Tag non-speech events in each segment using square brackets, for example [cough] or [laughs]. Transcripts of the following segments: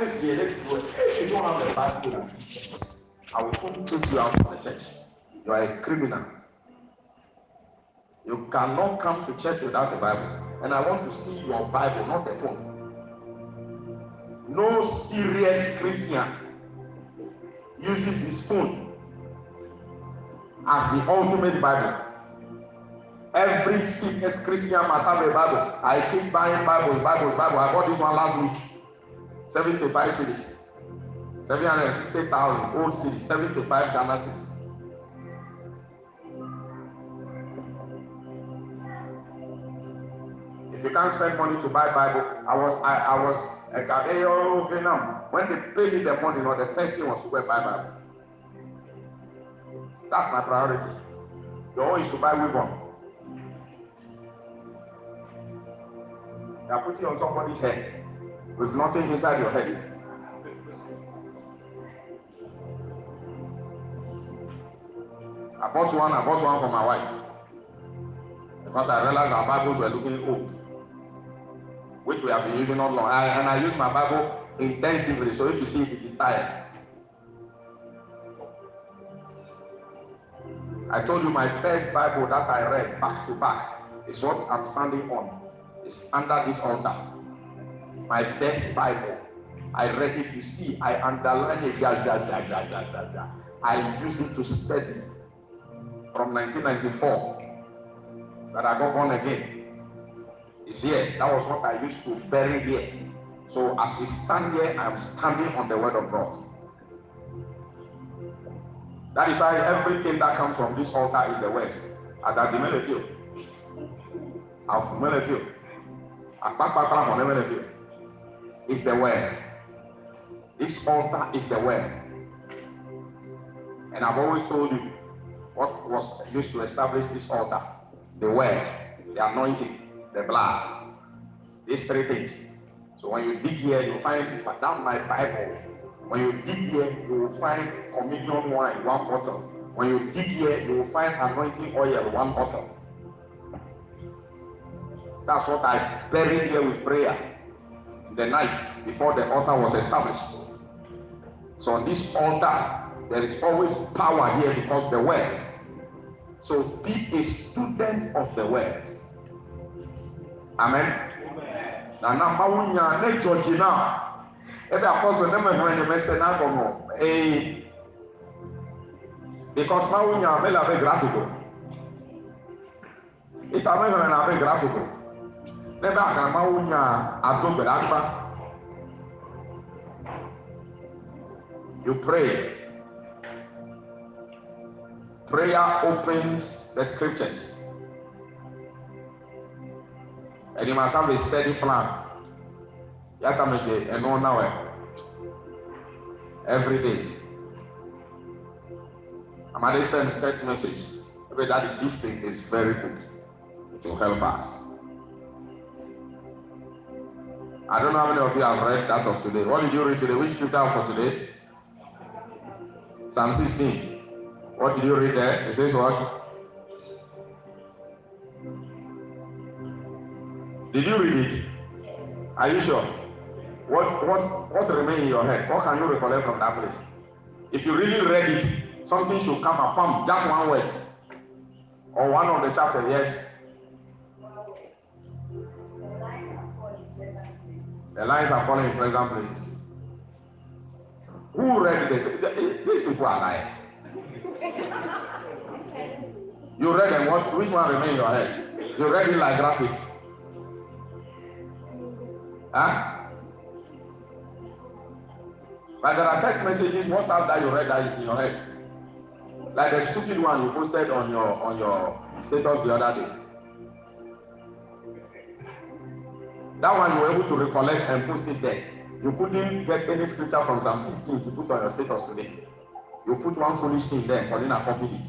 mercy yɛ lɛbi wɔ if you don't have a bible i will soon chase you out from the church you are a criminal you cannot come to church without the bible and i want to see your bible not the phone no serious christian uses his phone as the ultimate bible every serious christian must have a bible i keep buying bibles bibles bibles i bought this one last week 75 cities, 750,000 old cities, 75 Ghana cities. If you can't spend money to buy Bible, I was I, I was a Ghanaian Vietnam. When they paid me the money, you the first thing was to go buy Bible. That's my priority. The only is to buy with on. They are putting on somebody's head. with nothing inside your head. I bought one, I bought one for my wife. Because I realized our Bibles were looking old, which we have been using all along. and I use my Bible intensively, so if you see it, it is tired. I told you my first Bible that I read back to back is what I'm standing on. It's under this altar. my first Bible. I read if you see, I underline it. I use it to study from 1994 that I got born again. It's here. That was what I used to bury here. So as we stand here, I'm standing on the word of God. That is why everything that comes from this altar is the word. Àdàdì mélòó fi o? Àfù mélòó fi o? Àpapàpà àwọn is the word. This altar is the word. And I've always told you what was used to establish this altar the word, the anointing, the blood. These three things. So when you dig here, you will find down my Bible. When you dig here, you will find communion wine, one bottle. When you dig here, you will find anointing oil, one bottle. That's what I buried here with prayer. the night before the altar was established. So on this altar, there is always power here because the word. So be a student of the word. Amen. Na namba wunya ne George na ebe apostle ne mehwe ne mese na gomo. Eh because na wunya me la be graphical. Ita na be graphical ne be ahamawo nya ado gbe ɖe akpa you pray prayer opens the scriptures and you must have a steady plan yatametse enu na wɛ every day amadi send text message ebe daddy this thing is very good it will help us. I don't know how many of you have read that of today. What did you read today? Which scripture for today? Psalm 16. What did you read there? It says what? Did you read it? Are you sure? What what what remain in your head? What can you recollect from that place? If you really read it, something should come upon just one word or one of the chapter. Yes, The lines are falling in present places. Who read this? These people are liars. You read them. What? Which one remain in your head? You read it like graphic. Huh? But there are text messages, WhatsApp that you read that is in your head. Like the stupid one you posted on your on your status the other day. That one you were able to recollect and post it there. You couldn't get any scripture from Psalm 16 to put on your status today. You put one foolish thing there, Paulina copied it.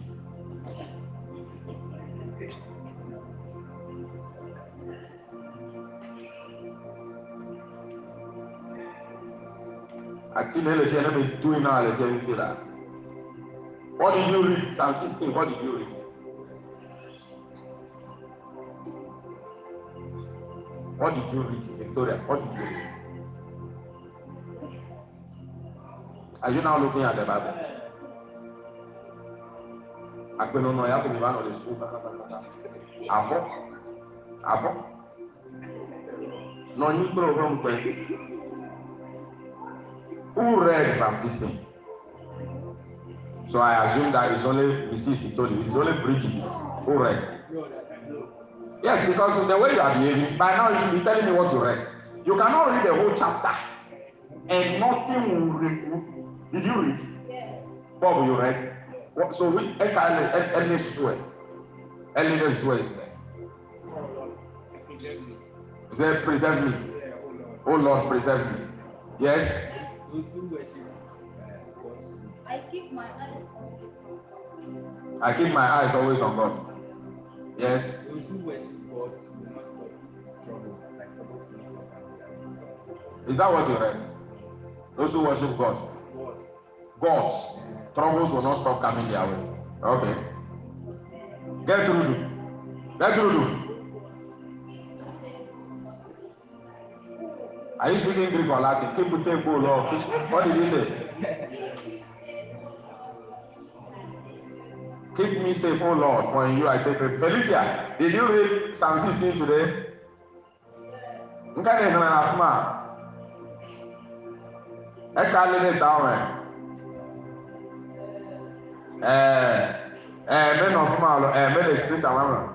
àti ní ẹlẹ́fẹ́ ẹ̀nà mi dúró náà ẹlẹ́fẹ́ mi feel that. What did you read? Psalm sixteen, what did you read? What did you read, Victoria? What did you read? Are you now looking at the Bible? Agbẹnunu ọ̀yá kò bí wọn lọ lè sùkúl pátápátá. Àbọ̀ àbọ̀ na ọ̀nyí gbọ́dọ̀ ọ̀rọ̀ nkwẹ́. Who read Psalm system? So I assume that it's only Mrs. Itoli, it's only Bridget who read. Yes, because the way you are behaving, by now you be telling me what you read. You cannot read the whole chapter and nothing will read. Did you read? Yes. Bob, you read? What, so we Ernest Sue. Ernest Sue in there. Is there preserve me? Oh Lord, preserve me. Yes. I keep my eyes I keep my eyes always on God. Yes. Those who worship God will not stop troubles, like troubles will not stop and Is that what you read? Those who worship God. Yes. Gods. Troubles will not stop coming their way. Okay. Get through. Get through. Are you speaking Greek or Latin? Keep the table, Lord. What did you say? Keep me safe, O oh, Lord, for in you I take refuge. Felicia, did you read Psalm 16 today? Nka ne hana afuma. Ẹ ka lé ní ìtàn rẹ̀. Ẹ Ẹ mẹ́nà ọ̀fun máa lọ Ẹ mẹ́nà ìsìnkú tàwọn mọ̀.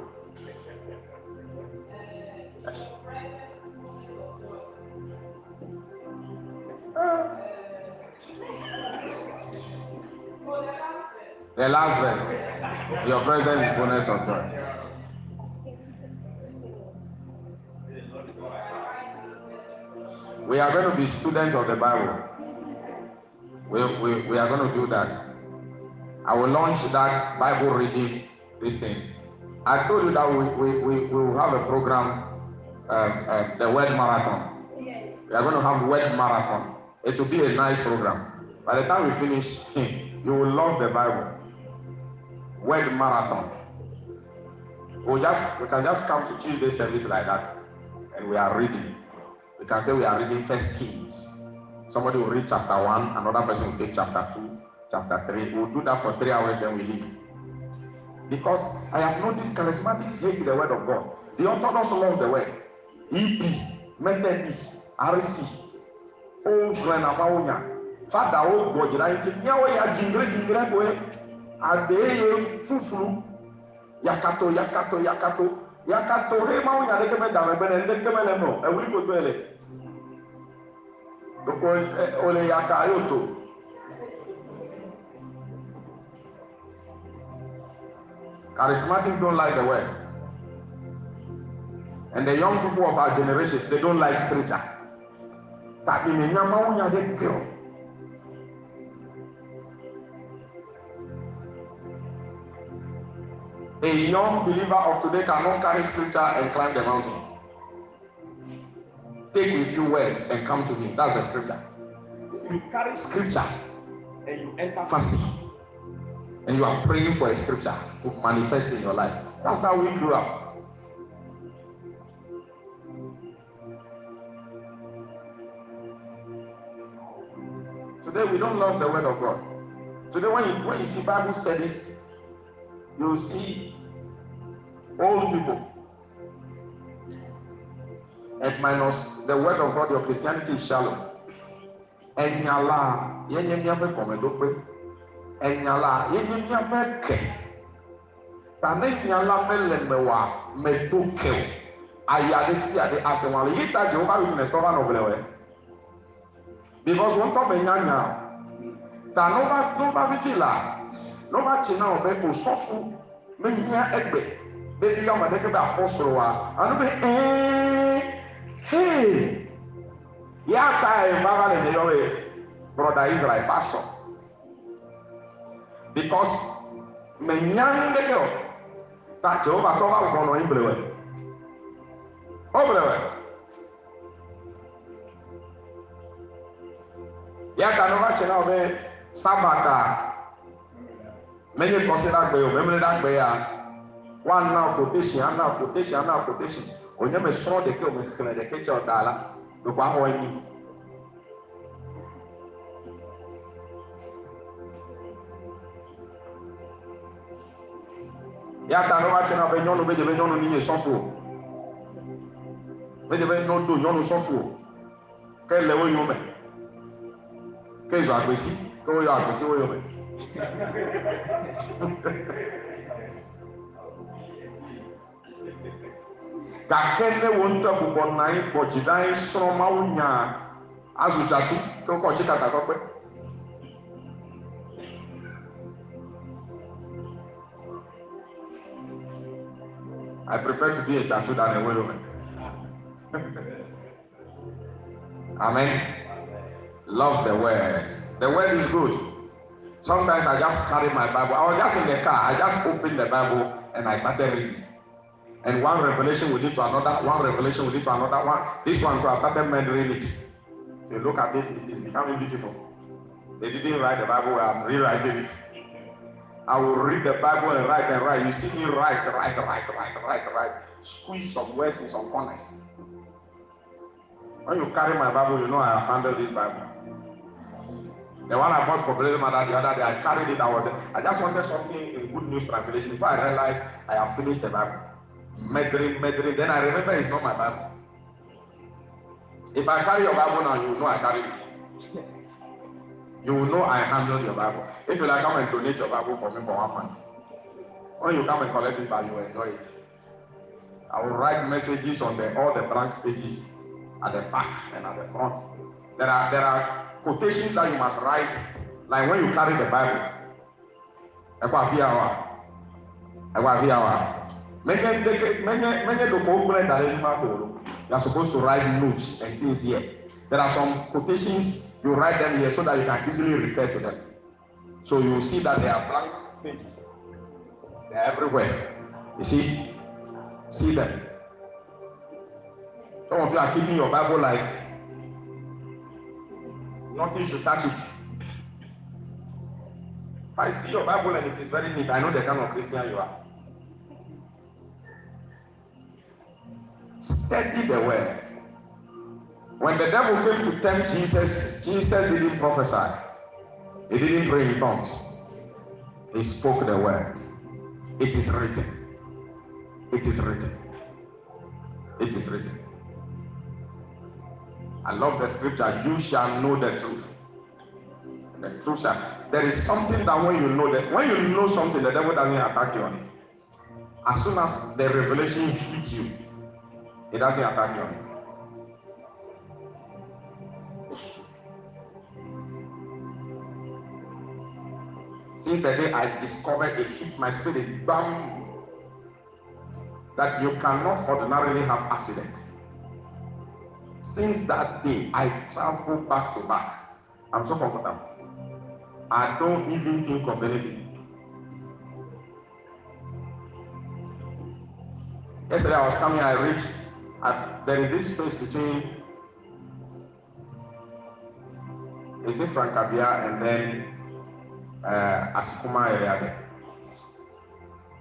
The last verse. Your presence is fullness of God. We are going to be students of the Bible. We, we, we are going to do that. I will launch that Bible reading this thing. I told you that we, we, we, we will have a program, um, uh, the Word Marathon. Yes. We are going to have Word Marathon. It will be a nice program. By the time we finish, [laughs] you will love the Bible word marathon. We just we can just come to Tuesday service like that, and we are reading. We can say we are reading First Kings. Somebody will read chapter one, another person will take chapter two, chapter three. We'll do that for three hours, then we leave. Because I have noticed charismatics hate the word of God. The Orthodox love the word. EP, Methodist, RC, old grandma, father, old boy, right? Yeah, we are jingling, jingling, adeye fufuru yakato yakato yakato yakato he ma wonya ɖeke me dame bena ɖeke me le me ewuli koto ele doko ole yaka yo charismatics don't like the word and the young people of our generation they don't like scripture ta ime nya ma wonya ɖeke o. The young believer of today cannot carry scripture and climb the mountain. Take with you words and come to me. That's the scripture. You carry scripture and you enter fasting. And you are praying for a scripture to manifest in your life. That's how we grew up. Today we don't love the word of God. Today when you when you see Bible studies, you see old people. And minus the word of God, your Christianity is shallow. Ẹnyala yẹnyẹ mi afẹ kọmẹdọpẹ. Ẹnyala yẹnyẹ mi afẹ kẹ. Tani nyala mẹlẹ mẹwa mẹdo kẹw. Ayade si ade atẹwọn ale. Yita Jehova witness tọ́ba nọ̀bẹ̀lẹ̀ eh? Because wọ́n tọ́ bẹ̀ nyanya. Ta n'oba n'oba fifi la. N'oba tsi na ọbẹ̀ kò sọ́fù mẹ nyia bɛbi ka ma dɛkɛ bɛ apɔsoro wa ano bɛ ɛɛɛ hee yata yɛ mbaba ne yɛ yɛ broda israel pastor because mɛ nyan dɛkɛ o ta jehova tɔ ba kɔnɔ ibere wɛ ɔbere wɛ yata ne ba kyerɛ o bɛ sabata mɛ nye kɔsi dagbe o mɛ mɛ dagbe ya. One woanna quotation ana quotation ana quotation onyame srɔ̃ ɖeke ome xlẽ ɖeke tsɛ ɔda la ɖeko axɔ anyi ya ta ne woatsɛ na be nyɔnu be debe nyɔnu ni nye sɔfo be debe nyɔnu do nyɔnu sɔfo ke le wo yome ke zɔ agbesi ke woyɔ agbesi wo yome. gake ne wo ŋutɔ bubɔ nɔ anyi kpɔ dzi ɖe anyi srɔ̃ mawo nyaa azu dzatu ke wokɔ tsi tata kɔkɔe. I prefer to be a chatu than a widow. [laughs] Amen. Love the word. The word is good. Sometimes I just carry my Bible. I was just in the car. I just opened the Bible and I started reading. And one revelation will lead to another, one revelation will lead to another one. This one too, I started murdering it. If you look at it, it is becoming beautiful. They didn't write the Bible, I'm rewriting it. I will read the Bible and write and write. You see me write, write, write, write, write, write. Squeeze some words in some corners. When you carry my Bible, you know I have handled this Bible. The one I bought for Blessed Mother the other day, I carried it. I was there. I just wanted something in good news translation. Before I realized I have finished the Bible. Medri, Medri. Then I remember it's not my Bible. If I carry your Bible now, you will know I carry it. you will know I handled your Bible. If you like, come and donate your Bible for me for one month. When you come and collect it, but you will enjoy it. I will write messages on the, all the blank pages at the back and at the front. There are there are quotations that you must write, like when you carry the Bible. I àfihàn wa. Ẹ̀kọ́ àfihàn wa. Many, many, many documents that you have you are supposed to write notes and things here. There are some quotations, you write them here so that you can easily refer to them. So you see that they are blank pages. They are everywhere. You see? See them. Some of you are keeping your Bible like nothing should touch it. If I see your Bible and it is very neat, I know the kind of Christian you are. Study the word. When the devil came to tempt Jesus, Jesus didn't prophesy. He didn't pray in tongues. He spoke the word. It is written. It is written. It is written. I love the scripture. You shall know the truth. The truth shall. There is something that when you know that when you know something, the devil doesn't attack you on it. As soon as the revelation hits you, it doesn't attack Since the day I discovered it hit my spirit, bam, that you cannot ordinarily have accident. Since that day, I travel back to back. I'm so comfortable. I don't even think of anything. Yesterday I was coming, I reached and there is this space between is it Frankabia and then uh, area there.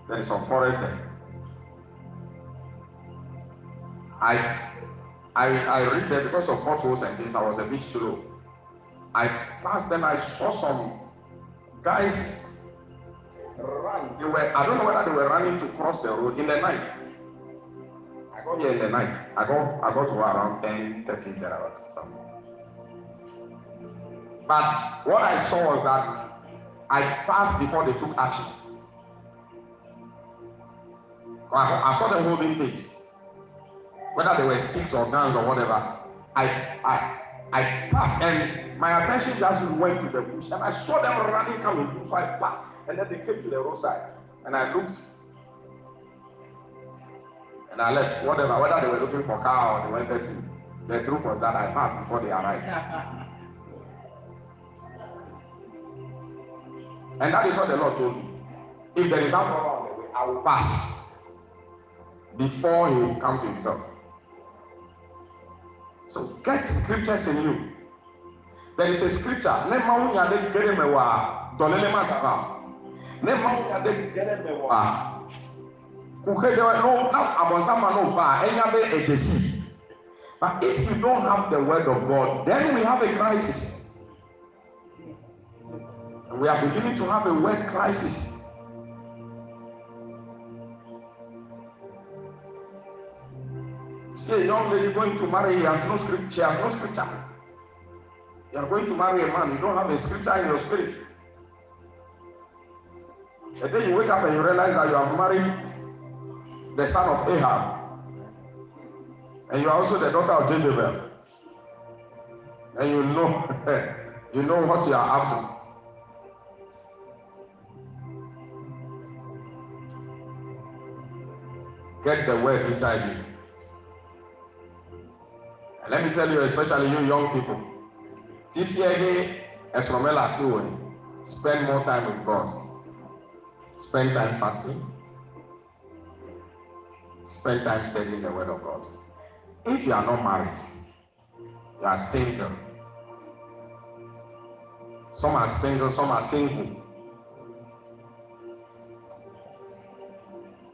There is some forest there. I I I read there because of potholes and things. I was a bit slow. I passed them. I saw some guys run. They were I don't know whether they were running to cross the road in the night. got there in the night. I got I got to around 10, 13 thereabouts something. But what I saw was that I passed before they took action. I, I saw them holding things, whether they were sticks or guns or whatever. I I I passed and my attention just went to the bush and I saw them running coming. So I passed and then they came to the roadside and I looked and I left. Whatever, whether they were looking for car or they wanted to, the truth was that I passed before they arrived. [laughs] and that is what the Lord told me. If there is alcohol on the way, I will pass before he will come to himself. So get scriptures in you. There is a scripture. Ne ma wunyade gere mewa dolele ma gaba. Ne ma kuke de no na abosama no ba enya be ejesi but if you don't have the word of God then we have a crisis and we are beginning to have a word crisis. See a young lady going to marry, he has no script, she has no scripture. You are going to marry a man, you don't have a scripture in your spirit. And then you wake up and you realize that you have married the son of Ahab, and you are also the daughter of Jezebel, and you know [laughs] you know what you are up to. Get the word inside you. And let me tell you, especially you young people, if you are still spend more time with God. Spend time fasting Spend time studying the Word of God. If you are not married, you are single. Some are single, some are single.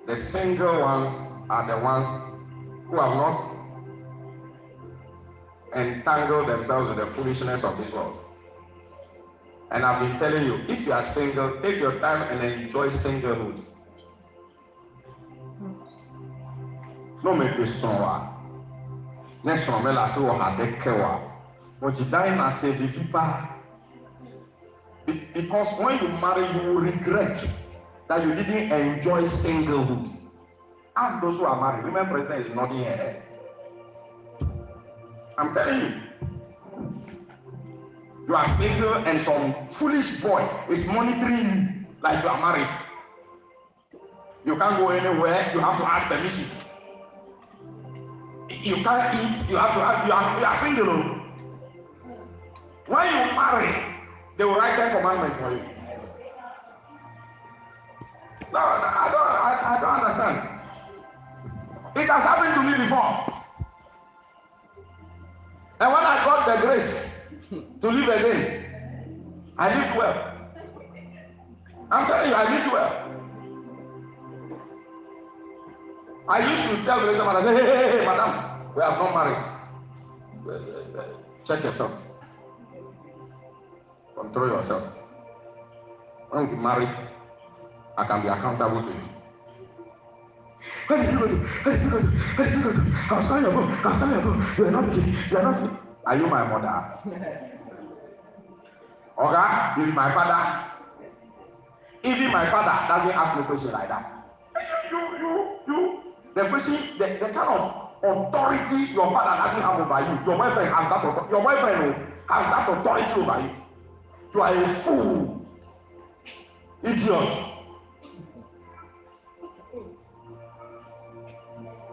The single ones are the ones who have not entangled themselves with the foolishness of this world. And I've been telling you, if you are single, take your time and enjoy singlehood. No, ɔmo ede sɔn wa ne sɔn mɛ la se wɔ ha de kɛ wa wɔdzi dan na se vivi pa because when you marry you will regret that you didn't enjoy singlehood ask those who are married women president is nodding her head i'm telling you you are single and some foolish boy is monitoring you like you are married you can't go anywhere you have to ask permission you can't eat, you have to have, you are, you are single. Oh. When you marry, they will write ten commandments for you. No, I don't, I, I don't understand. It has happened to me before. And when I got the grace to live again, I lived well. I'm telling you, I lived well. I used to tell Grace Madam, say, hey, hey, hey, madam, we have not married. Eh, eh, eh, check yourself. Control yourself. When we marry, I can be accountable to you. Where did you go to? Where did you go to? Where did you go to? I was calling your phone. I was calling your phone. You are not picking. You are not. Are you my mother? [laughs] Oga, okay? you my father. Even my father doesn't ask me questions like that. You, you, you, you. The question, the, the kind of authority your father doesn't have over you, your boyfriend has that Your boyfriend oh, has that authority over you. You are a fool, idiot.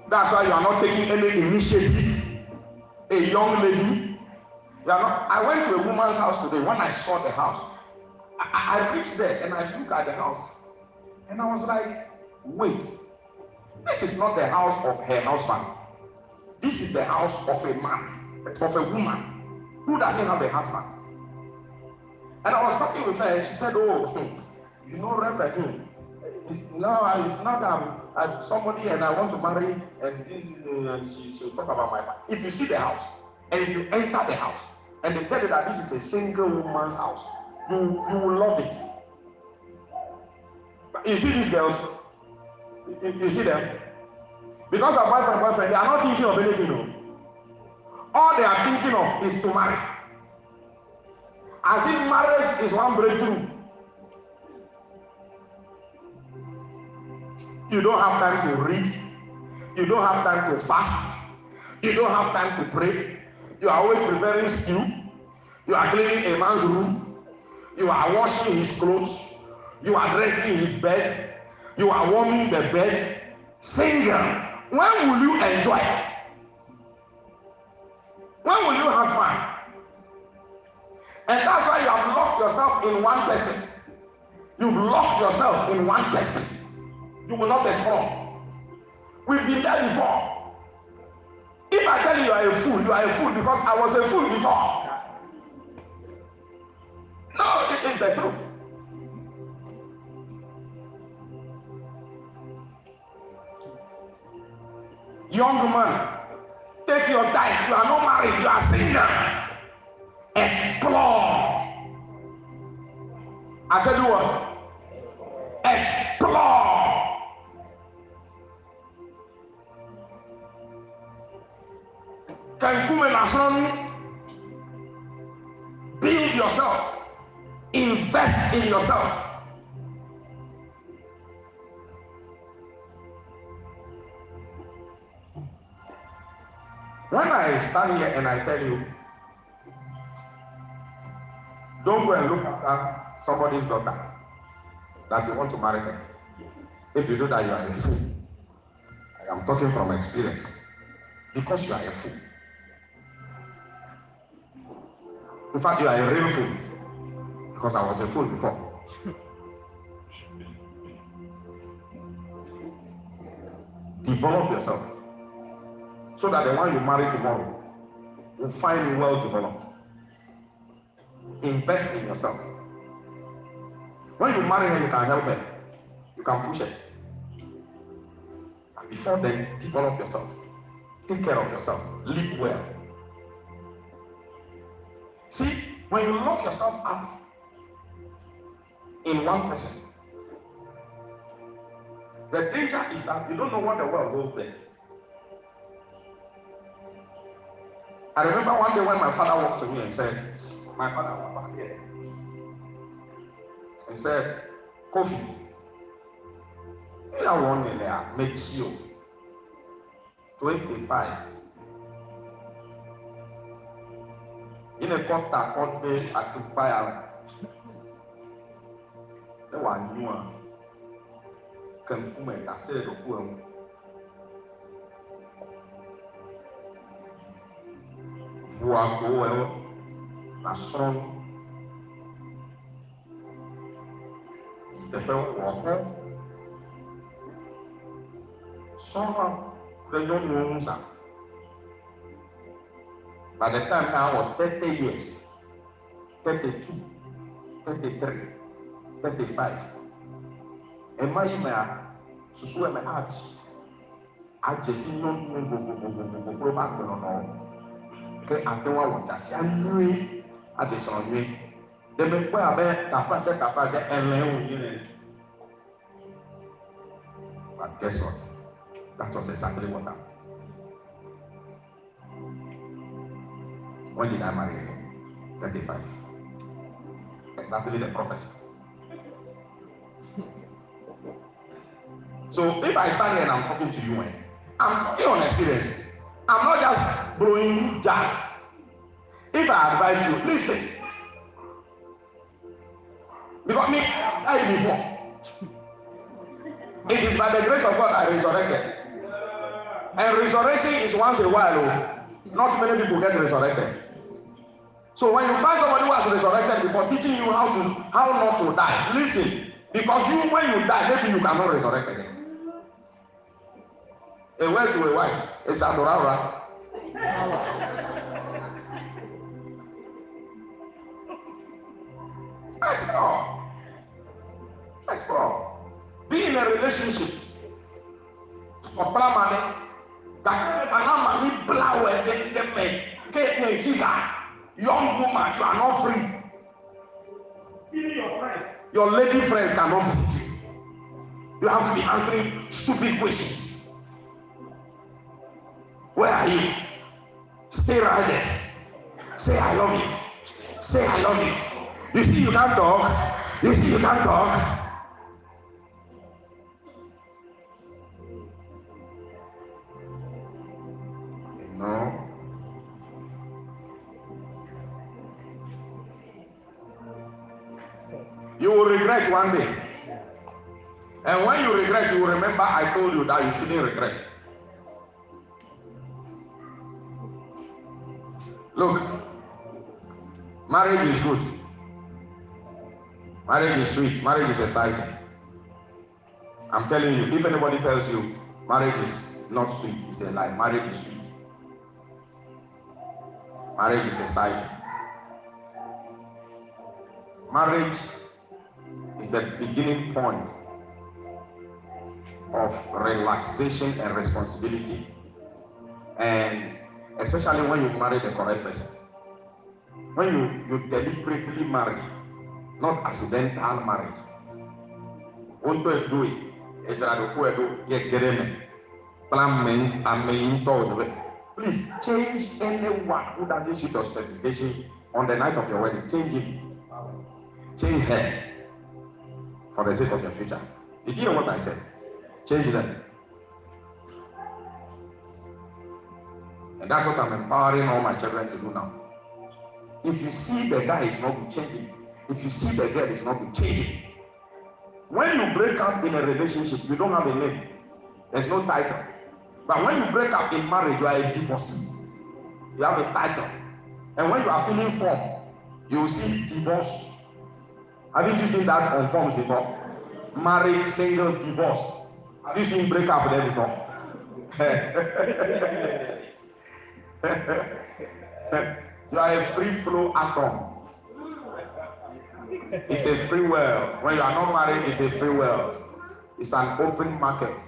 That's why you are not taking any initiative. A young lady, you are not. I went to a woman's house today. When I saw the house, I, I, reached there and I look at the house, and I was like, wait. This is not the house of her husband. This is the house of a man, of a woman who doesn't have a husband. And I was talking with her, and she said, Oh, [laughs] you know, Reverend, it's, it's not that I'm, I'm, somebody and I want to marry, and uh, she, she'll talk about my wife. If you see the house, and if you enter the house, and they tell you that this is a single woman's house, you, you will love it. But you see these girls, You, you see them? Because of boyfriend, boyfriend, they are not thinking of anything. No. All they are thinking of is to marry. As if marriage is one breakthrough. You don't have time to read. You don't have time to fast. You don't have time to pray. You are always preparing stew. You are cleaning a man's room. You are washing his clothes. You are dressing his bed. You are warming the bed. Single. When will you enjoy? When will you have fun? And that's why you have locked yourself in one person. You've locked yourself in one person. You will not explore. We've been there before. If I tell you you are a fool, you are a fool because I was a fool before. No, it is the truth. Young man, take your time. You are not married, you are single. Explore. I said, what? Explore. Kankume Nasrani, build yourself, invest in yourself. I stand here and I tell you, don't go and look after somebody's daughter that you want to marry her. If you do that, you are a fool. I am talking from experience. Because you are a fool. In fact, you are a real fool. Because I was a fool before. [laughs] Develop yourself. so that the one you marry tomorrow will find you well developed. Invest in yourself. When you marry her, you can help her, you can push her. And before then, develop yourself, take care of yourself, live well. See, when you lock yourself up in one person, the danger is that you don't know what the world goes there. I remember one day when my father walked to me and said, My father was back here. And said, Kofi, you are one in there, makes you 25. In a quarter, quarter, I took fire. There were new one. Can come and I said, boa boa ɛwɔ n'asɔn teƒe wɔ hɔ sɔn hã kple nyɔnuwo ŋu zã by the time na wɔ thirty years thirty two thirty three thirty five ɛma yi mea susu ɛmɛ adzi adze si nyɔnuwo vovovovovo kple ba gbɛnɔnɔ ke atewa wɔ dzasi anyoe adesɔn nyoe ɖeme kpɔe abe tafratsɛ tafratsɛ ɛlɛ wo lɛ but guess what that was exactly what happened when did I marry again thirty five exactly the prophesy so if I stand here and I'm talking to you eh I'm talking on experience. I'm not just blowing jazz. If I advise you, listen. Because me, I before. It is by the grace of God I resurrected. And resurrection is once in a while. Oh. Not many people get resurrected. So when you find somebody who has resurrected before teaching you how to how not to die, listen. Because you when you die, maybe you cannot resurrect again a eh, word to a wise is adorara. That's more. That's more. Be in a relationship. Ọ̀pọ̀lá That ni, àná ma ni bláwọ̀ ẹ̀dẹ̀ ẹ̀dẹ̀ mẹ̀ kéèké híhá young woman you are not free. Even your friends. Your lady friends cannot visit you. You have to be answering stupid questions. Where are you? Stay right there. Say, I love you. Say, I love you. You see, you can't talk. You see, you can't talk. No. You will regret one day. And when you regret, you will remember I told you that you shouldn't regret. Marriage is good. Marriage is sweet. Marriage is exciting. I'm telling you, if anybody tells you marriage is not sweet, it's a lie. Marriage is sweet. Marriage is exciting. Marriage is the beginning point of relaxation and responsibility. And especially when you marry the correct person. when you you deliberately marry not accidental marriage ohun tó ẹ do yìí ẹsẹ̀ràdókò ẹ do yẹ gẹrẹ mẹ plan amẹyìntọ ọdọbẹ please change anyone who doesn't suit your specification on the night of your wedding change him change her for the sake of your future did you hear what I said change them. And that's what I'm empowering all my children to do now. If you see the guy is not good, change If you see the girl is not good, change When you break up in a relationship, you don't have a name. There's no title. But when you break up in marriage, you are a divorcee. You have a title. And when you are filling form, you see divorce. Haven't you seen that on forms before? Married, single, divorced. Have you seen break up there before? [laughs] [laughs] You are a free flow atom. It's a free world. When you are not married, it's a free world. It's an open market.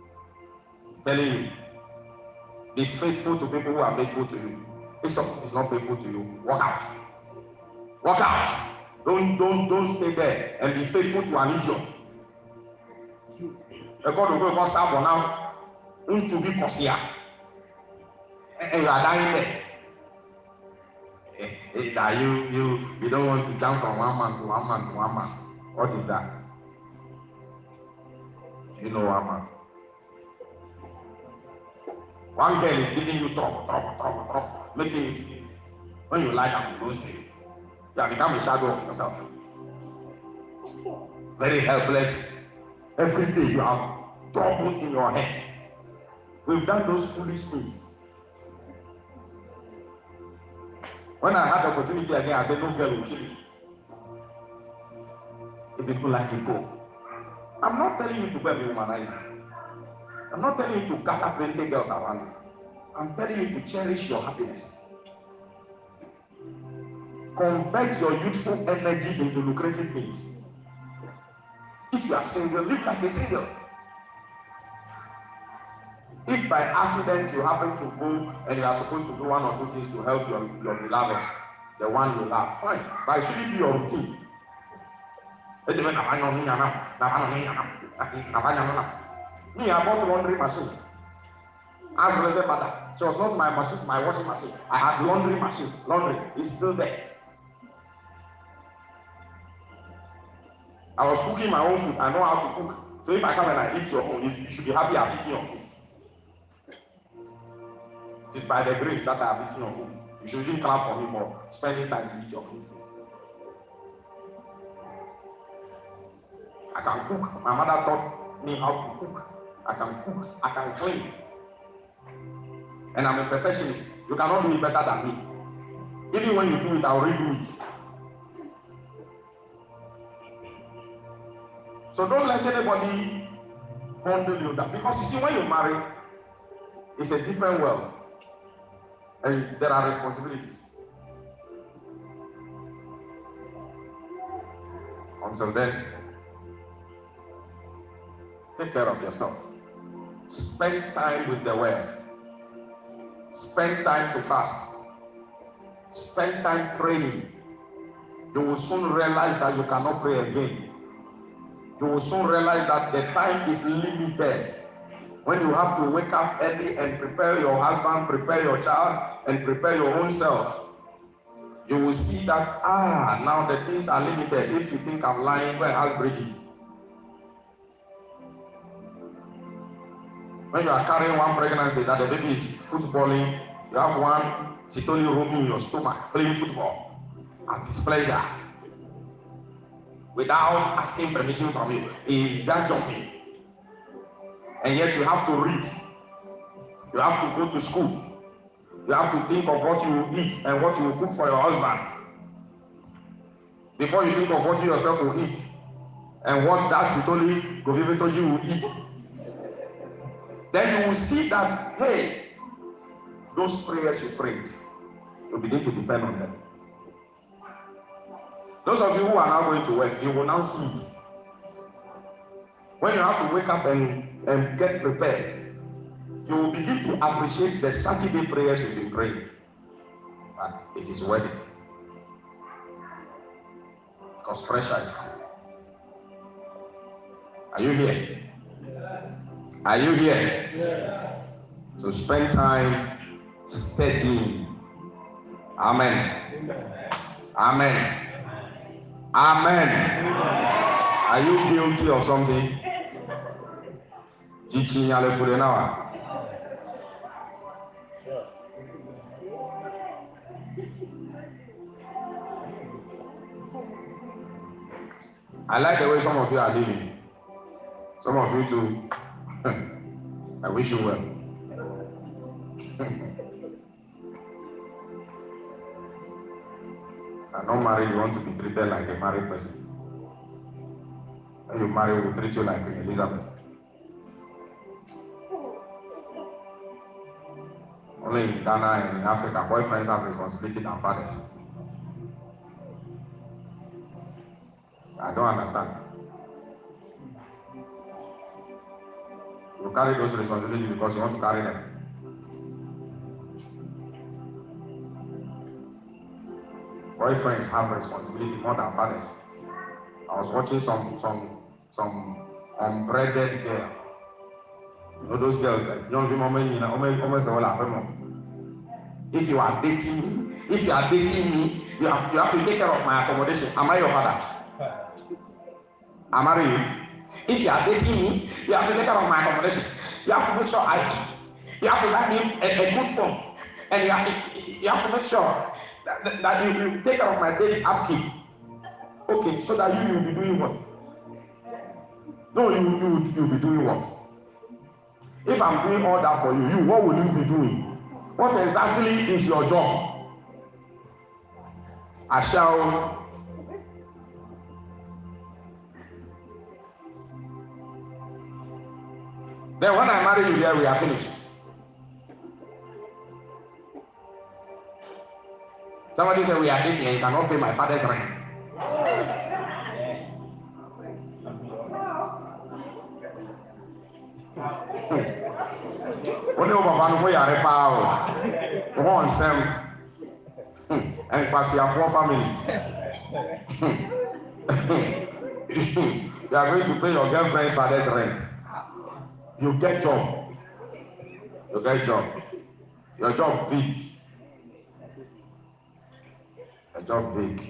I'm telling you, be faithful to people who are faithful to you. If someone is not faithful to you, walk out. Walk out. Don't don't don't stay there and be faithful to an idiot. God will go God serve for now. be Kosia. And you are dying there. Eh, eh, that you you you don't want to jump from one man to one man to one man. What is that? You know one man. One girl is giving you trouble, trouble, trouble, trouble, making you When you lie down, you don't sleep. You have become a shadow of yourself. Very helpless. Every day you have trouble in your head. We've done those foolish things. when I had the opportunity again, I said, no girl will kill me. If people like it, go. I'm not telling you to be and womanizer. I'm not telling you to gather plenty girls around you. I'm telling you to cherish your happiness. Convert your youthful energy into lucrative things. If you are single, live like a single. If by accident you happen to go and you are supposed to do one or two things to help your, your beloved, the one you love, fine. But it shouldn't be your routine. Ẹjẹ̀bẹ̀ nàbà yàn mí yàn náà, nàbà yàn mí yàn náà, nàbà yàn mí náà. Me, I bought laundry machine. As a reserve mother, she was not my machine, my washing machine. I had laundry machine. Laundry is still there. I was cooking my own food. I know how to cook. So if I come and I eat your own, you should be happy I'm eating your food. It is by the grace that I have eaten of you. You should even clap for me for spending time to eat your food. I can cook. My mother taught me how to cook. I can cook. I can clean. And I'm a perfectionist. You cannot do it better than me. Even when you do it, I will redo it. So don't let anybody handle you that. Because you see, when you marry, it's a different world. And there are responsibilities. Until then, take care of yourself. Spend time with the word. Spend time to fast. Spend time praying. You will soon realize that you cannot pray again. You will soon realize that the time is limited when you have to wake up early and prepare your husband, prepare your child, and prepare your own self, you will see that, ah, now the things are limited. If you think I'm lying, well, ask Bridget. When you are carrying one pregnancy, that the baby is footballing, you have one sitoli roaming in your stomach, playing football at his pleasure, without asking permission from you. He's just jumping. and yet you have to read you have to go to school you have to think of what you will eat and what you will cook for your husband before you think of what you yourself will eat and what that sitoli govivitoji will eat then you will see that hey those prayers you prayed you begin to depend on them those of you who are now going to work you will now see it when you have to wake up and, and get prepared, you will begin to appreciate the Saturday prayers you've been praying. But it is worth it. Because pressure is coming. Are you here? Are you here? Yeah. So spend time studying. Amen. Amen. Amen. Amen. Are you guilty of something? Chichi alifurenawa I like the way some of you are living. Some of you too. [laughs] I wish you well. [laughs] I'm not married, you want to be treated like a married person. When you marry, we treat you like Queen Elizabeth. only in Ghana and in Africa, boyfriends have responsibility than fathers. I don't understand. You carry those responsibilities because you want to carry them. Boyfriends have responsibility more than fathers. I was watching some some some unbreaded girl Oh, those girls young people ọmọ ẹ̀yìn ọmọ ẹ̀yìn ọmọ ẹ̀sẹ̀ wọlé àfẹ́ mọ́ if you are dating me if you are dating me you have, you have to take care of my accommodation am I your father am I you if you are dating me you have to take care of my accommodation you have to make sure I you have to buy me a, a good phone and you have, to, you have to make sure that, that, you, you take care of my daily upkeep okay so that you will be doing what no you you you will be doing what. If I'm doing all that for you, you, what will you be doing? What exactly is your job? I shall Then when I marry you there, we are finished. Somebody said we are dating and you cannot pay my father's rent. no mo yare paa o wɔn nsɛm nkwasiafoɔ family hmm, hmm, hmm. you are going to pay your girlfriend's father's rent you get job you get job your job big your job big.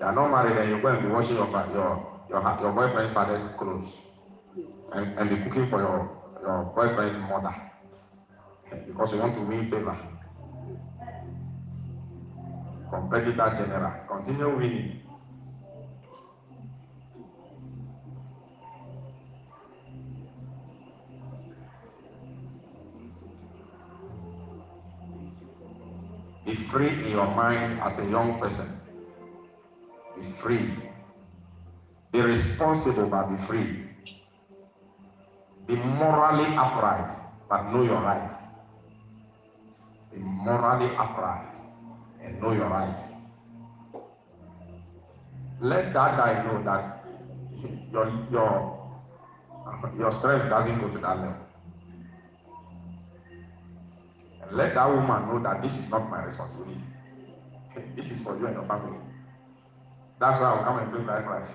You are not married and you're going to be washing your, your your your boyfriend's father's clothes and, and be cooking for your your boyfriend's mother because you want to win favor. Competitor general, continue winning. Be free in your mind as a young person. Be free Be responsible but be free. Be morally upright but know your right. Be morally upright and know your right. Let that guy know that your your [laughs] your strength doesn't go to that level. And let that woman know that this is not my responsibility. This is for you and your family. That's why I'll come and pay my price.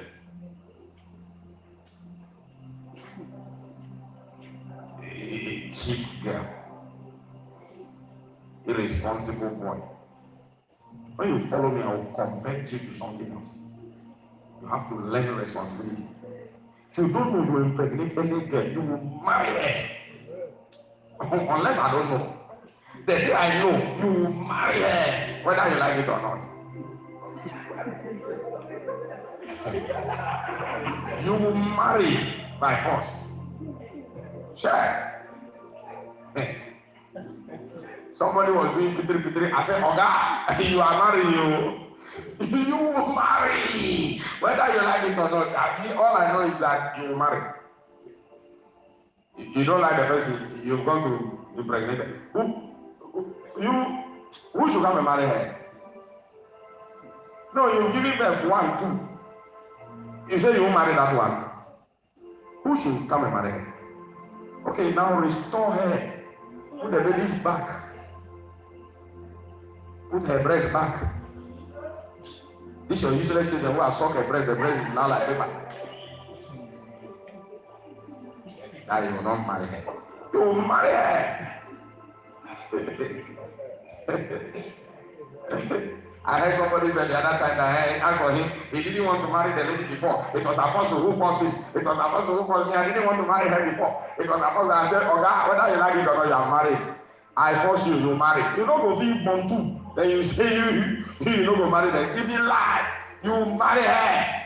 cheap girl, irresponsible boy. When you follow me, I will convert you to something else. You have to learn responsibility. If you don't know you impregnate any girl, you will marry her. [laughs] Unless I don't know. The day I know, you will marry her, whether you like it or not. [laughs] you will marry by force. Sure. Eh. Somebody was doing pitri pitri. I said, Oga, you are marrying oh. [laughs] you. you will marry. Whether you like it or not, all I know is that you will marry. If you don't like the person, you've gone to impregnate them. Who, who, you, who should come and marry her? No, you've giving birth one, two. You say you won't marry that one. Who should come and marry her? Okay, now restore her Put the baby's back. Put her breast back. This your useless children who have suck her breast. The breast is now like paper. Now you will not marry her. You marry her. [laughs] I heard somebody said the other time that hey, eh, as for him, he didn't want to marry the lady before. It was apostle who forced him. It was apostle who forced me. I didn't want to marry her before. It was apostle. I said, "Oga, whether you like it or not, you are married. I force you, to marry. You don't go feel bontu. Then you say [laughs] you, you, you don't go marry them. If you lie, you marry her.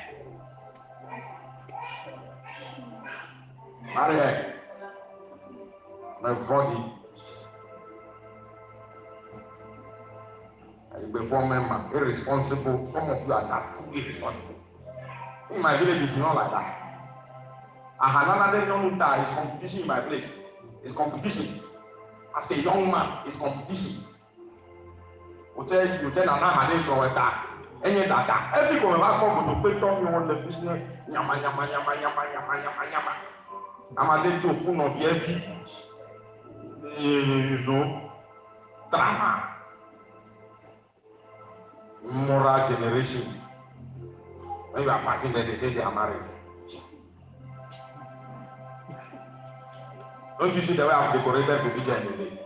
Marry her. My body. Before perform member irresponsible some of you are just too irresponsible in my village it's not like that I ahanana another young man that it's competition in my place it's competition as a young man it's competition hotel hotel nana hane sọ ẹta ẹyẹ dada every come to kò wá kọ kòtò Yama yama yama yama yama yama yama amade tó fún ọbẹ ẹbí eh, ẹẹ no drama moral generation when you are passing there they say they are married don't you see the way i have decorated the vision today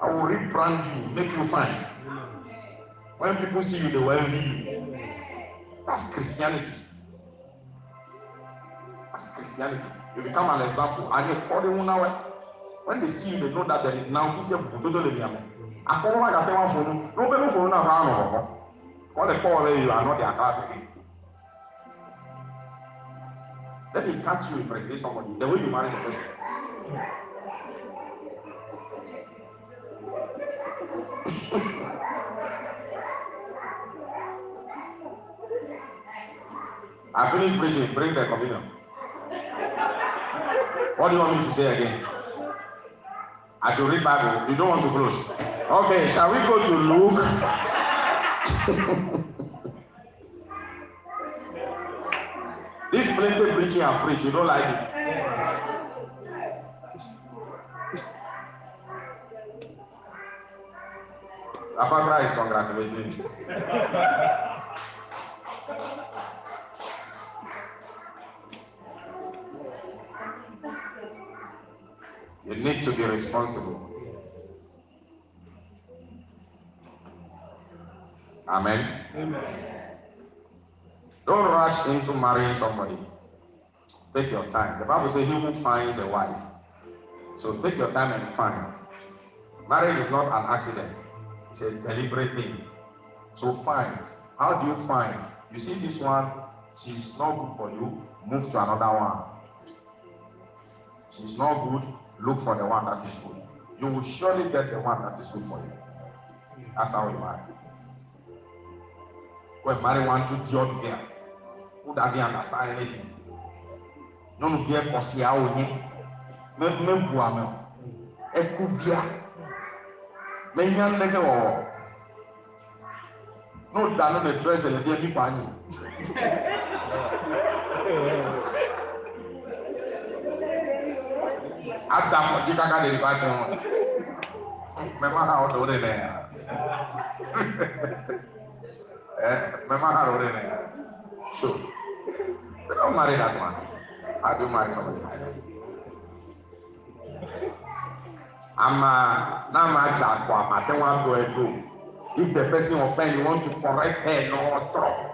i will rebrand you make you fine when people see you they will envy you that's christianity that's christianity you become an example and you call them now when they see you they know that there is now fífi ẹbùkún tó tó lè ní àmọ akɔnɔ a gafɛ wɔn fonu No, wɔn bɛ mo fonu na fa anɔ hɔ wɔn de kɔɔ lɛ yio anɔ de aklaasi bi let me catch you impregnate somebody the way you marry the person. [laughs] I finish preaching, bring the communion. What do you want me to say again? I should read Bible. You don't want to close. Okay, shall we go to Luke? [laughs] this plenty preaching and preach, you don't like it. Afagra is congratulating you. [laughs] You need to be responsible. Amen. Amen. Don't rush into marrying somebody. Take your time. The Bible says, He who finds a wife. So take your time and find. Marriage is not an accident, it's a deliberate thing. So find. How do you find? You see this one, she's not good for you, move to another one. She's not good, look for the one that is good. You will surely get the one that is good for you. That's how you marry. When marry one to idiot girl who doesn't understand anything. Nyɔnu bia kɔsiawo nye, me me bu ame o, eku via, me nya ŋdeke wɔwɔ, n'o da ne me dresse le fie mi pa anyi ada kɔdzi kaka ɖe ɖe ba dɔn o mɛ ma hã o ɖewo ɖe nɛ ya ɛ mɛ ma hã o ɖe nɛ ya so bena o ma ɖe na a bi o ma ɖe sɔgbɔ ɖe ama na ma dza kɔ ama te ŋu adɔ yɛ do if the person offend you want to correct her no trɔ.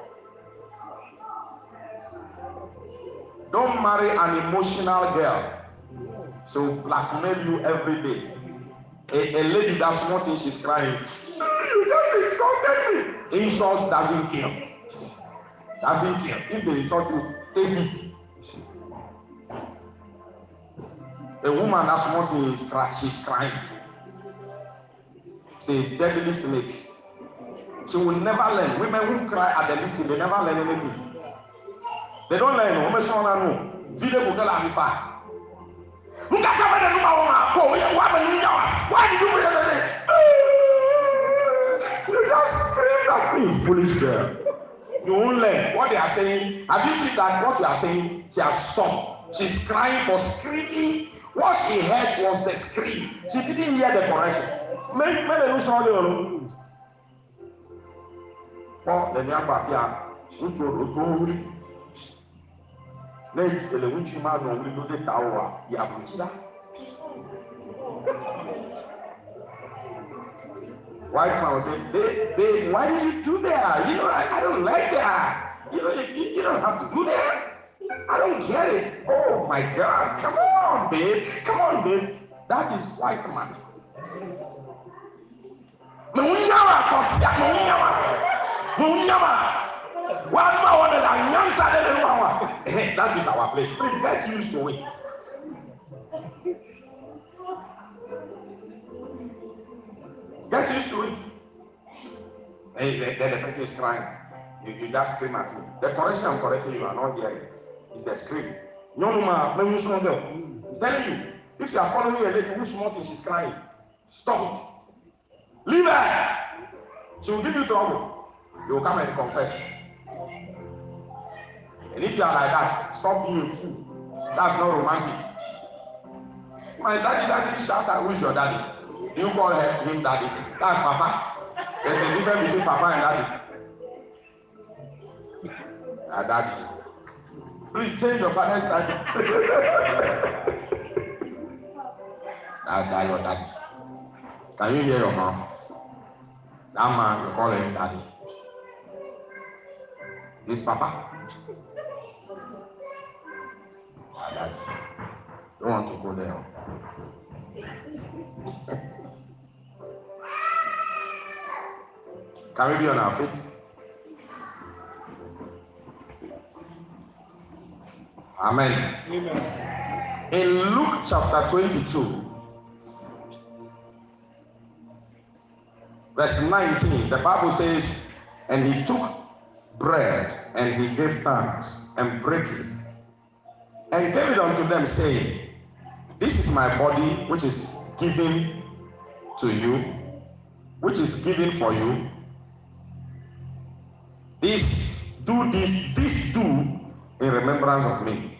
Don't marry an emotional girl. So blackmail you every day. A, a lady that small thing she's crying. You just insulted me. Insult doesn't kill. Doesn't kill. If they insult you, take it. A woman that small thing is cry, she's crying. Say deadly snake. She will never learn. Women who cry at the least, they never learn anything. They don't learn. Women show oh, no. Video will tell her nkata bɛ nanu ma wɔn a kɔ o yɛ wa bɛ ninu yawa wa ni dugu yɛ lɛ you just scream at me foolish girl you won learn what they are saying have you seen that what you are saying she has stopped she is crying for screaming what she heard was the scream she didn't hear the correction Make make nanu sɔrɔ de wɔn kɔ lɛbi akpa fia ŋutsu o tó wuli. ne le ŋutsu ma nɔ ɣli do ɖe ta oa yi abotsi white man say babe babe why do you do that you know i, I don't like that you know you, you don't have to do that i don't get it oh my god come on babe come on babe that is white man mɛ ŋun yaba kɔsi a mɛ ŋun yaba mɛ ŋun yaba. one man one another nyansa de one one that is our place please get used to it. Get used to it. Hey, then, then the person is crying. You, you just scream at me. The correction I'm correcting you are not hearing. It's the scream. Young man, let me show them. I'm telling you, if you are following a lady who's smart she's crying, stop it. Leave her. She will give you trouble. You will come and confess. And if you are like that, stop being a fool. That's not romantic. My daddy doesn't shout out, who's your daddy? Do you call him daddy? That's papa. There's a difference between papa and daddy. Ah, daddy. Please change your father's title. [laughs] that guy your daddy. Can you hear your mouth? That man, you call him daddy. He's papa. alert. Don't want to go there. Can we be on our feet? Amen. Amen. In Luke chapter 22, verse 19, the Bible says, And he took bread and he gave thanks and broke it and gave it unto them, saying, This is my body which is given to you, which is given for you. This do this, this do in remembrance of me.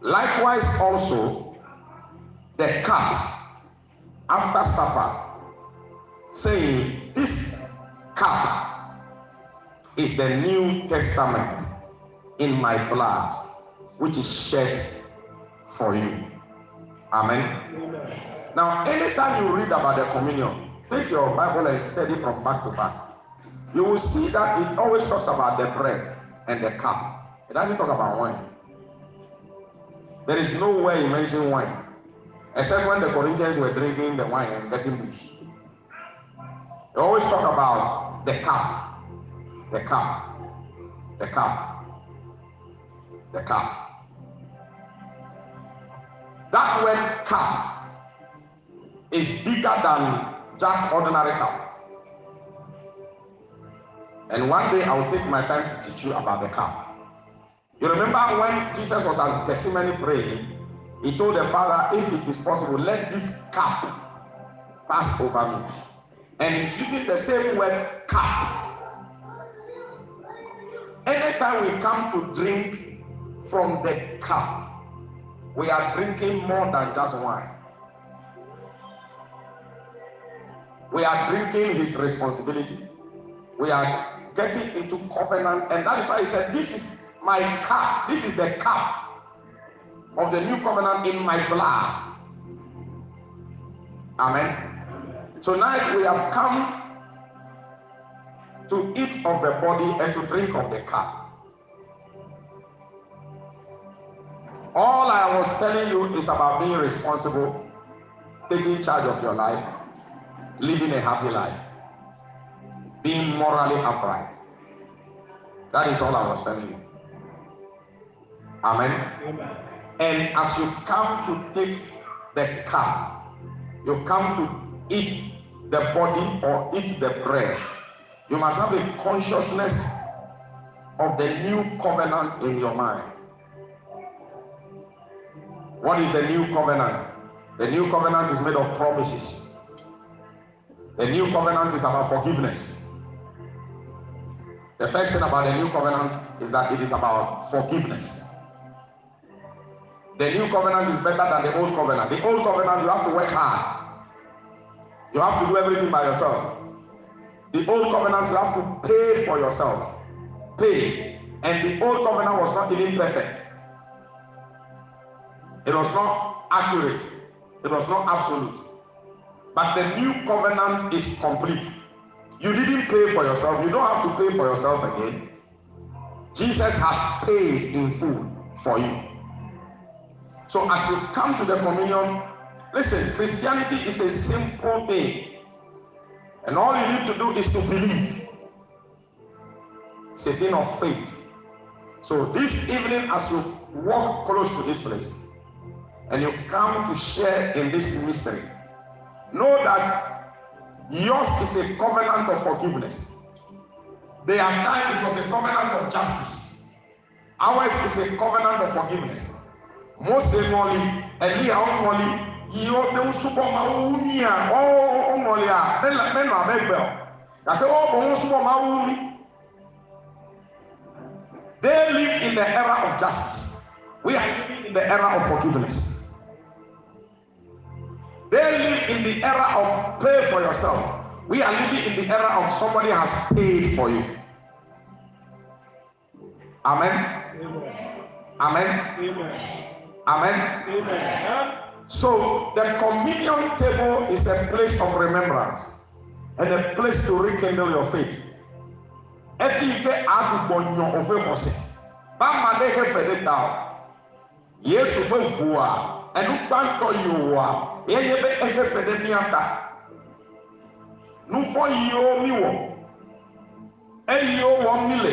Likewise, also the cup after supper, saying, This cup is the New Testament in my blood which is shed for you. Amen. Now, anytime you read about the communion, take your Bible and study from back to back. You will see that it always talks about the bread and the cup. It doesn't talk about wine. There is nowhere way he wine, except when the Corinthians were drinking the wine and getting loose. They always talk about the cup, the cup, the cup, the cup. That word cup is bigger than just ordinary cup. And one day I will take my time to teach you about the cup. You remember when Jesus was at Gethsemane praying, he told the Father, if it is possible, let this cup pass over me. And he's using the same word, cup. Anytime we come to drink from the cup, we are drinking more than just wine. We are drinking his responsibility. We are getting into covenant. And that is why he said, This is my cup. This is the cup of the new covenant in my blood. Amen. Tonight we have come to eat of the body and to drink of the cup. All I was telling you is about being responsible, taking charge of your life, living a happy life, being morally upright. That is all I was telling you. Amen. Amen. And as you come to take the cup, you come to eat the body or eat the bread, you must have a consciousness of the new covenant in your mind. What is the new covenant? The new covenant is made of promises. The new covenant is about forgiveness. The first thing about the new covenant is that it is about forgiveness. The new covenant is better than the old covenant. The old covenant, you have to work hard. You have to do everything by yourself. The old covenant, you have to pay for yourself. Pay. And the old covenant was not even perfect. It was not accurate. It was not absolute. But the new covenant is complete. You didn't pay for yourself. You don't have to pay for yourself again. Jesus has paid in full for you. So as you come to the communion, listen, Christianity is a simple thing. And all you need to do is to believe. It's a thing of faith. So this evening, as you walk close to this place, and you come to share in this mystery, know that yours is a covenant of forgiveness. Their time it was a covenant of justice. Ours is a covenant of forgiveness. Most ŋɔli, Elia ŋɔli, yi wo ne ŋusubɔ mawu nyia, wo ŋɔlia, menɔ abe gbe o, gake wo bo ŋusubɔ mawu nyia. They live in the era of justice. We are living in the era of forgiveness. They live in the era of pay for yourself. We are living in the era of somebody has paid for you. Amen. Amen. Amen. Amen. So the communion table is a place of remembrance and a place to rekindle your faith. Efi ike agbụgbọnyọ ofe kwụsị. Bama na-ehefe dị taa. Yesu fe gbuo a, ẹnu gbantọ yi ụwa yɛyɛ bɛ ɛhwɛ fɛ dɛ niata nufɔ yiwo e mi wɔ eyiwo wɔ mi le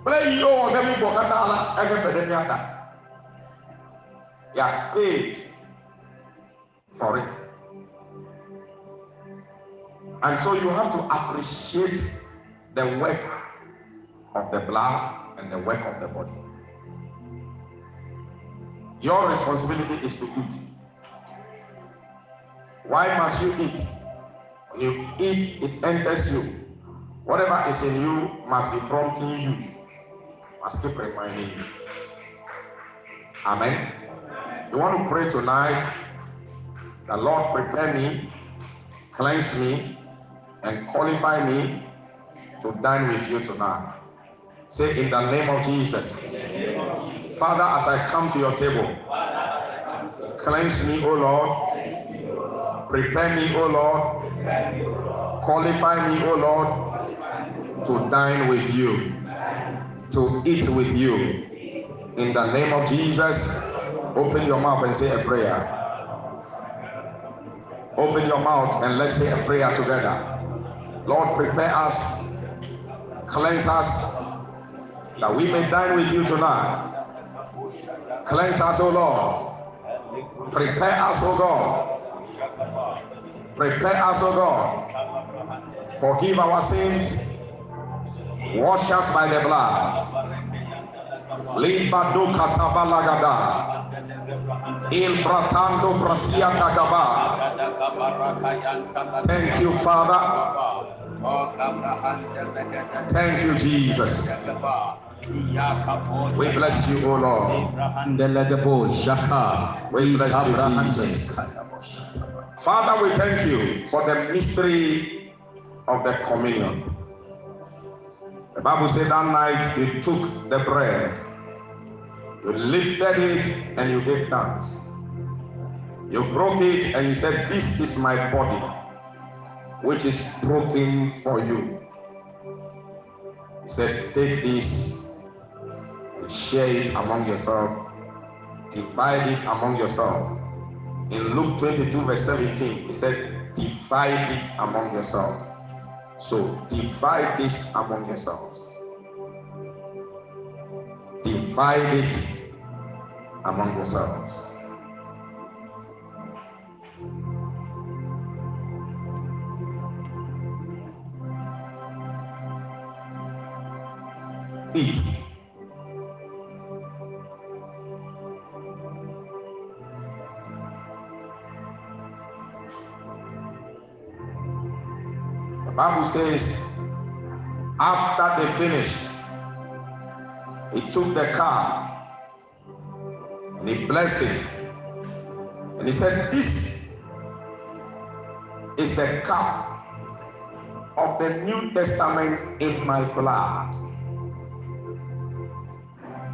kple yiwo wɔ ɖe mi gbɔ katã la ɛhwɛ fɛ dɛ niata yas paid for it and so you have to appreciate the work of the blood and the work of the body your responsibility is to eat. Why must you eat? When you eat, it enters you. Whatever is in you must be prompting you, must keep reminding you. Amen. You want to pray tonight? The Lord prepare me, cleanse me, and qualify me to dine with you tonight. Say in the name of Jesus. Father, as I come to your table, cleanse me, O Lord Prepare me, O Lord. Qualify me, O Lord, to dine with you, to eat with you. In the name of Jesus, open your mouth and say a prayer. Open your mouth and let's say a prayer together. Lord, prepare us, cleanse us, that we may dine with you tonight. Cleanse us, O Lord. Prepare us, O God Prepare us, O God. Forgive our sins. Wash us by the blood. Limbadu katabalagada. Il tagaba. Thank you, Father. Thank you, Jesus. We bless you, O Lord. We bless you, Jesus. Father, we thank you for the mystery of the communion. The Bible says that night you took the bread, you lifted it, and you gave thanks. You broke it, and you said, This is my body, which is broken for you. You said, Take this and share it among yourself, divide it among yourself in Luke 22, verse 17, he said, Divide it among yourselves. So divide this among yourselves. Divide it among yourselves. Eat. Bible says, after they finished, he took the cup and he blessed it. And he said, This is the cup of the New Testament in my blood.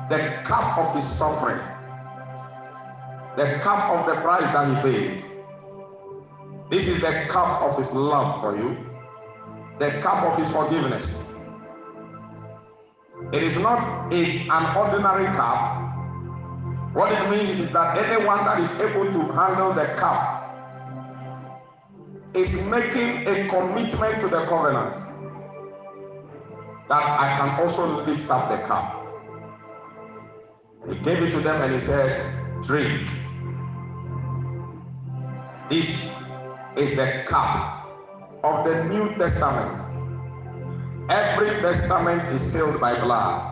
The cup of his suffering, the cup of the price that he paid. This is the cup of his love for you the cup of his forgiveness. It is not a, an ordinary cup. What it means is that anyone that is able to handle the cup is making a commitment to the covenant that I can also lift up the cup. He gave it to them and he said, Drink. This is the cup of the New Testament. Every testament is sealed by blood.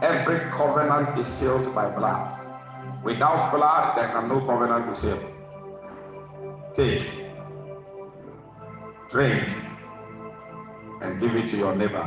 Every covenant is sealed by blood. Without blood, there can no covenant be sealed. Take, drink, and give it to your neighbor.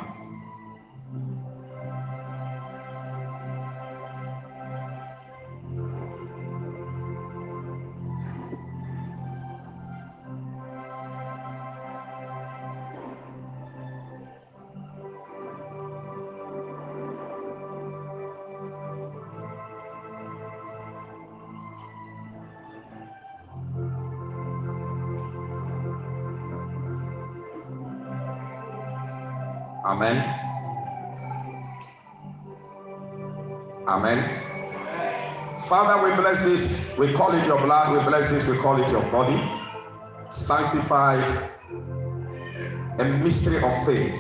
Amen. Amen. Father, we bless this. We call it your blood. We bless this. We call it your body. Sanctified. A mystery of faith.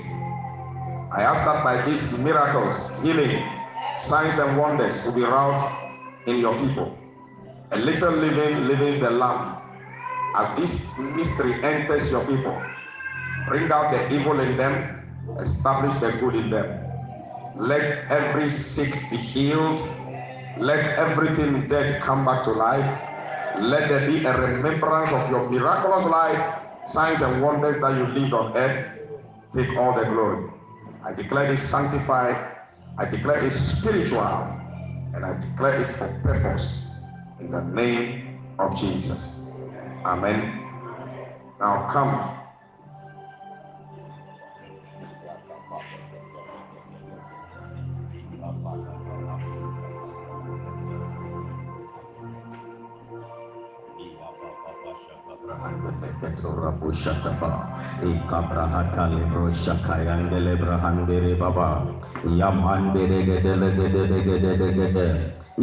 I ask that by these miracles, healing, signs, and wonders will be wrought in your people. A little living living the lamb. As this mystery enters your people, bring out the evil in them establish the good in them. Let every sick be healed. Let everything dead come back to life. Let there be a remembrance of your miraculous life, signs and wonders that you lived on earth. Take all the glory. I declare it sanctified. I declare it spiritual. And I declare it for purpose. In the name of Jesus. Amen. Now come. so rabu syakapa ika brahatan libro syakayan dele brahan dere baba yaman dere gede gede gede gede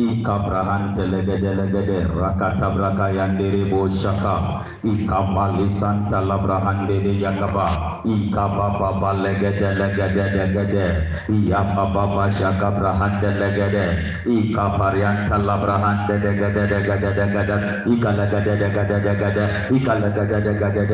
ika brahan dele gede gede rakata Yang dere bo syaka ika malisan tala brahan dere yakaba ika baba bale gede gede gede iya baba basyaka brahan dele gede ika varian tala brahan dede gede gede gede gede ika gede gede gede gede ika gede gede gede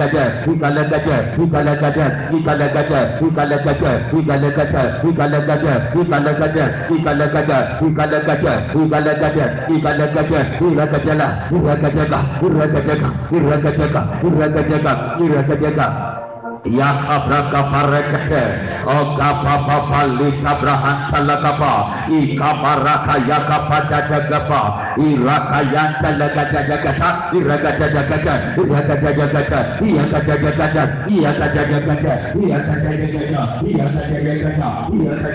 galagada, we galagada, we galagada, we galagada, we galagada, we galagada, we galagada, we galagada, we galagada, we galagada, we galagada, we galagada, we ragadala, we ragadala, we ragadala, we ragadala, we ragadala, we ragadala, ya kabra kabare kete o kapa papa li kabra hantala kapa i raka kaya kapa jaga kapa i raka yanta laga jaga kata i raka jaga kata i raka jaga kata i raka jaga kata i raka jaga kata i raka jaga kata i raka jaga kata i raka jaga kata i raka jaga kata i raka jaga kata i raka jaga kata i raka jaga kata i raka jaga kata i raga jaga kata i raga jaga kata i raga jaga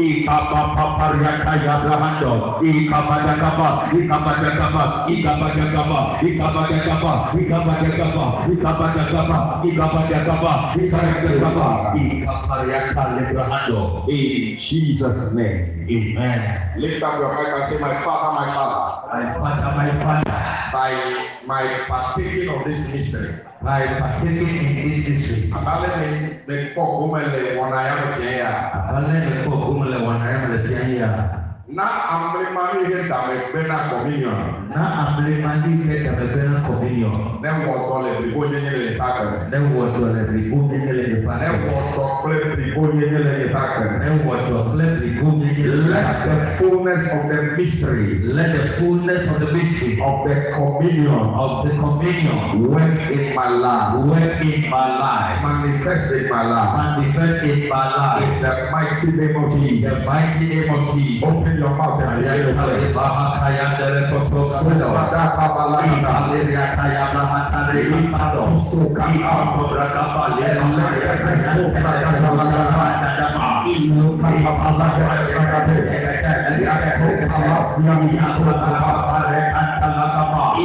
kata i raga jaga kata Ikayabra hando, Ikabajakaba, Ikabajakaba, Ikabajakaba, Ikabajakaba, Ikabajakaba, Ikabajakaba, Ikabajakaba, Isarakaba, In Jesus' name. Amen. Lift up your hand and say, My Father, my Father. My Father, my Father. By my partaking of this mystery. by partaking in this mystery. Abalẹ ni mekpɔ gomele wɔna ya me fia ya. Abalẹ mekpɔ gomele wɔna ya me fia ya. Na amemani ihe dame gbɛ na communion na ablemani kɛ dabɛbɛnna communion. ne wɔtɔ le bribo nyenye le eƒe agbeme. ne wɔtɔ le bribo nyenye le eƒe agbeme. ne wɔtɔ kple bribo nyenye le eƒe agbeme. ne wɔtɔ kple bribo nyenye le eƒe agbeme. let the fullness of the mystery. let the fullness of the mystery. of the communion. of the communion. work in my life. work in my life. manifest in my life. manifest in my life. in the mighty name of Jesus. the mighty name of Jesus. open your mouth and hear your prayer. Sudavata Malita Liriataya Mahatari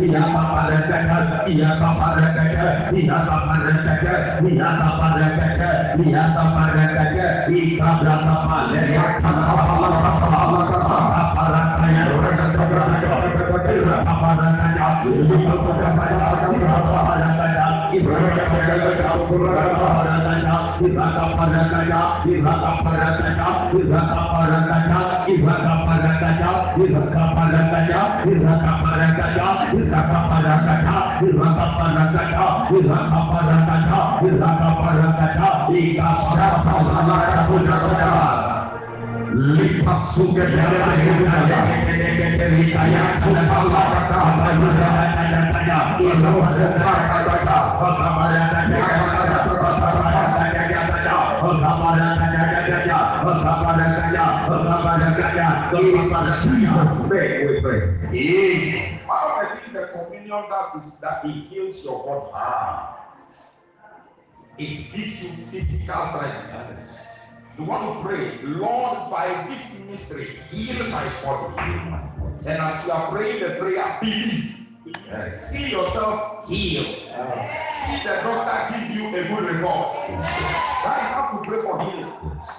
hinata pada kata hinata pada kata hinata pada kata hinata pada kata hinata pada kata ika berata pada kata pada kata pada kata ibrata padakata pada kaca, ibrata padakata ibrata padakata pada kaca, ibrata padakata ibrata padakata pada kaca, ibrata padakata ibrata padakata pada kaca, ibrata padakata ibrata padakata pada kaca Jesus' said, we pray. One of the things the communion does is that it heals your body. It gives you physical strength. You want to pray, Lord, by this mystery, heal my body. And as you are praying the prayer, believe. Yes. See yourself healed. Yes. See the doctor give you a good report. Yes. That is how to pray for healing.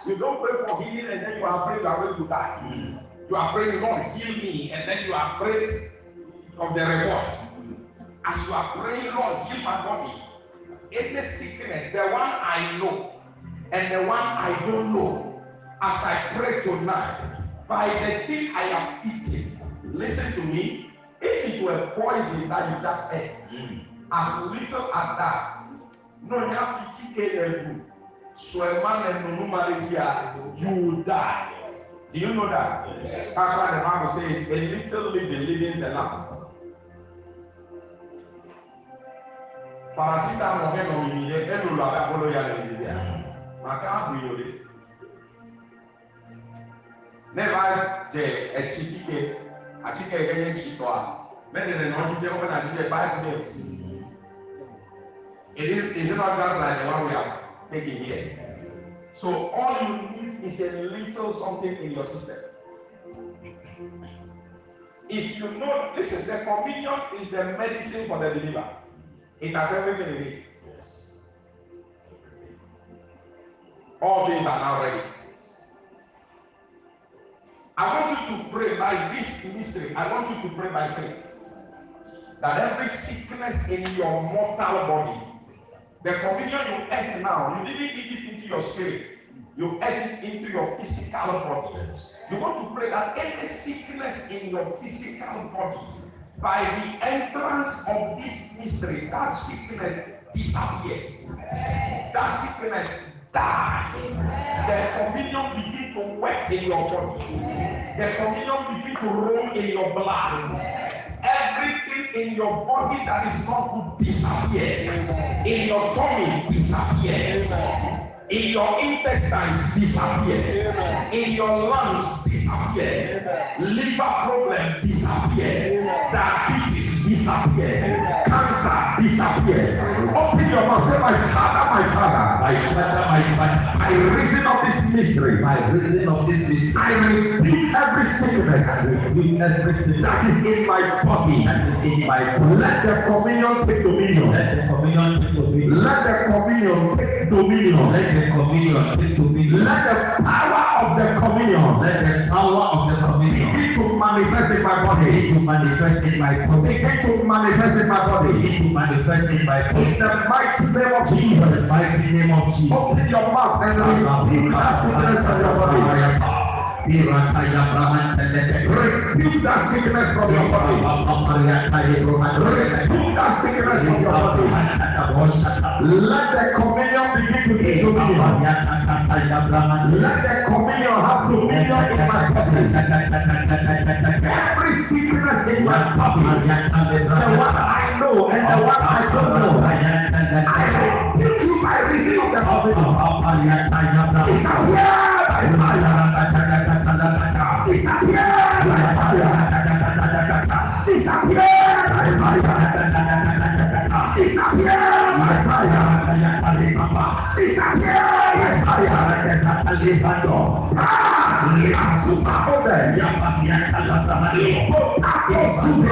You don't pray for healing and then you are afraid you are going to die. Mm. You are praying, Lord, heal me, and then you are afraid of the report. As you are praying, Lord, heal my body. Any sickness, the one I know, and the one I don't know, as I pray tonight, by the thing I am eating, listen to me. If it were poison that you just ate, mm. as little as that, no, you have to take it. So a man and no malaria, you will die. Do you know that? Yes. That's why the Bible says, a little living, living the lamb. Parasita no me no mi mide, enu lo abakolo ya le mide ya maka abụ ya ole neva je etsi tike atike yi kenye tsi tɔa mɛ nene na ɔtsi tɛ kɔfɛ na tike five minutes it is it is not just like the one we have taken here so all you need is a little something in your system if you know listen the communion is the medicine for the deliver. it has everything in it. All things are now ready. I want you to pray by this mystery. I want you to pray by faith that every sickness in your mortal body, the communion you ate now, you didn't eat it into your spirit, you ate it into your physical body. You want to pray that any sickness in your physical body, by the entrance of this mystery, that sickness disappears. That sickness start. The communion begin to work in your body. The communion begin to roll in your blood. Everything in your body that is not good disappears. In your tummy disappears. In your intestines disappears. In your lungs disappears. Liver problem disappears. Diabetes disappears. Cancer disappears your mouth, say, My father, my father, my father, my father. By reason of this mystery, by reason of this mystery, I rebuke every sickness. I rebuke every sickness that is in my body. That is in my blood. Let the communion take dominion. Let the communion take dominion. Let the communion take dominion. Let the communion take dominion. Let the power of the communion. Let the power of the communion begin to manifest in my body. Begin to manifest in my body. Begin to manifest in my body. Begin to manifest in my body. In the mighty name of Jesus. Mighty name of Jesus. Open your mouth and rebuke will sickness from your body. Remove that Let the communion begin to be Let the communion have dominion in my body. Every sickness in my body, the one I know and the one I don't know, I God brings you by Disappear Oh, come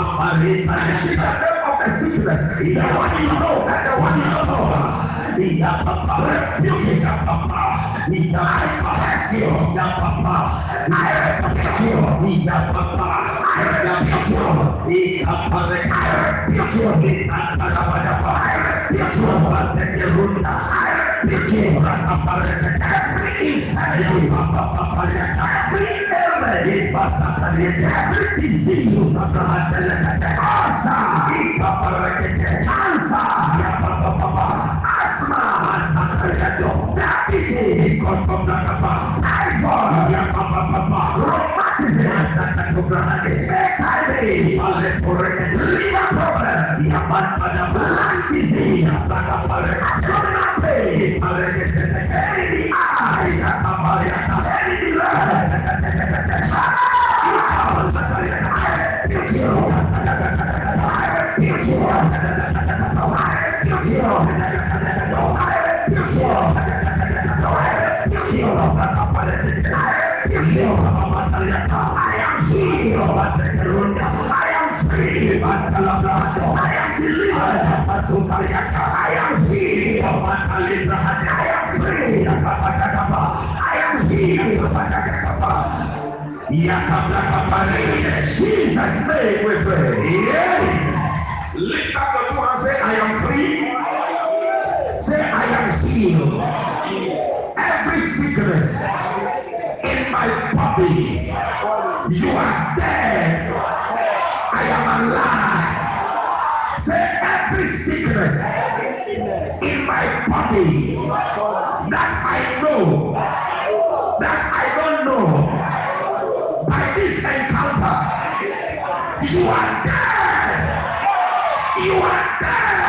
on, that sickness. The one you know and the one you don't know. Rebuke it, Papa. I curse you, Papa. I rebuke you, Papa. I rebuke you, Papa. I rebuke you, I rebuke you, Masekerunda. I rebuke you, Papa. Every insanity, Papa, Papa, every remember this verse after the every disease of the heart cancer, cancer, asthma, diabetes, typhoid, rheumatism, HIV, liver problem, lung disease, abdominal pain, any I am healed. I am free. I am delivered. I am healed. I am free. I am healed. Jesus' name we pray. Lift up the two and say, I am free. Say, I am healed. Every sickness in my body, you are dead alive. Say every sickness, every sickness in my body that I know, that I don't know, by this encounter, you are dead. You are dead.